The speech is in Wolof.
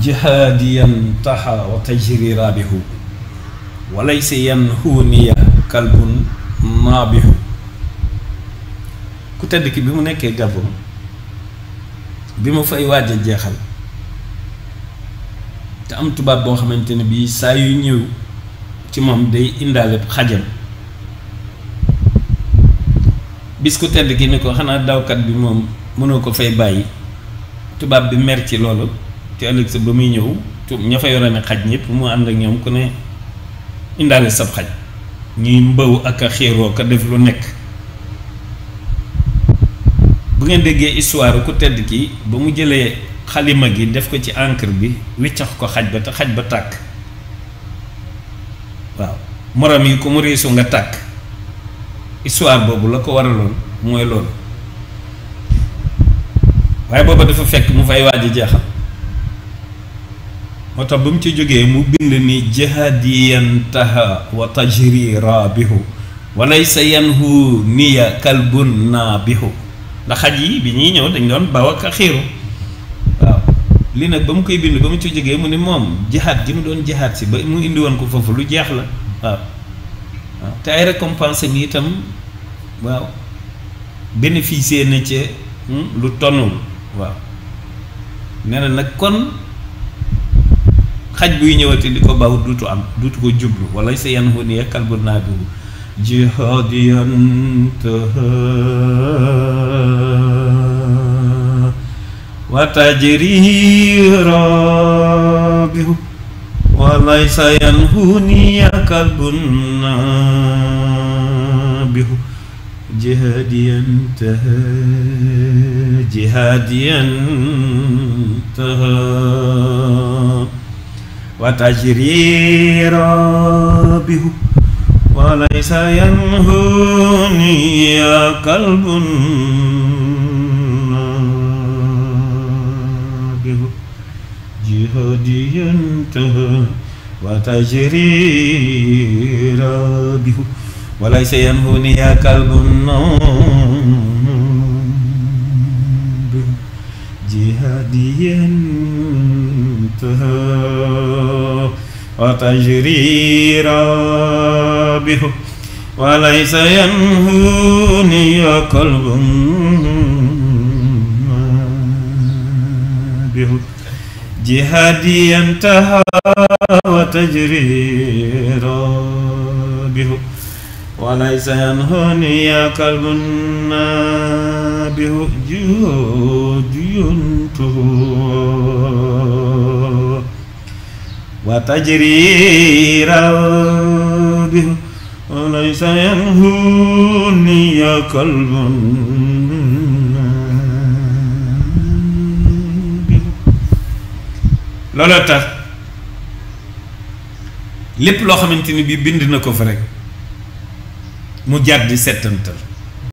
jihaadiyan taxa wa tajri raabihu walaysa yanhuuniya kalbun naabihu ku tedd ki bi mu nekkee Gabon bi mu fay waaj a jeexal te am tubaab boo xamante ne bii saa yu ñëw ci moom day indaale xajam bis ku tedd ki ni ko xanaa dawkat bi moom mënoo ko fay bàyyi tubaab bi mer ci loolu te ëllëg sa ba muy ñëw ña fa yore ne xaj ñëpp mu ànd ak ñoom ku ne indaale sab xaj ñuy mbaw ak a xéeroo ka def lu nekk bu ngeen déggee histoire ku tedd ki ba mu jëlee xalima gi def ko ci encre bi wiccax ko xaj ba te xaj ba tàkk waaw morom yi ku mu riisu nga tàkk histoire boobu la ko waraloon mooy loolu waaye booba dafa fekk mu fay waaj a jeexal motax bam ci joge mu bind ni jihadiyan taha wa rabihu wa laysa yanhu niya kalbun nabihu la xaji bi ñi ñew dañ doon bawa ka xiru li nak bam koy bind bam ci joge mu ni mom jihad gi mu doon jihad ci ba mu indi won ko fofu lu jeex la waaw ay récompense ni tam waaw bénéficier na ci hmm, lu tonul waaw nena nak kon xaj buy ñëwati di baw dutu am dutu ko jublu wala sa yanhu ni kalbu nadu jihadiyan wa tajri rabbih wala sa yanhu ni kalbu nadu jihadiyan ta, jihadiyan ta watajiri rabbihu wa laisa yanhuni ya kalbun bihu jihadiyan ta watajiri rabbihu wa laisa وتجريرا به وليس ينهوني قلب به جهادي انتهى وتجريرا به وليس ينهوني قلب به جهادي انتهى وتجري روده وليس ينهوني قلب looloo tax lépp loo xamante ni bi bind na ko fa rek mu jàdd setantal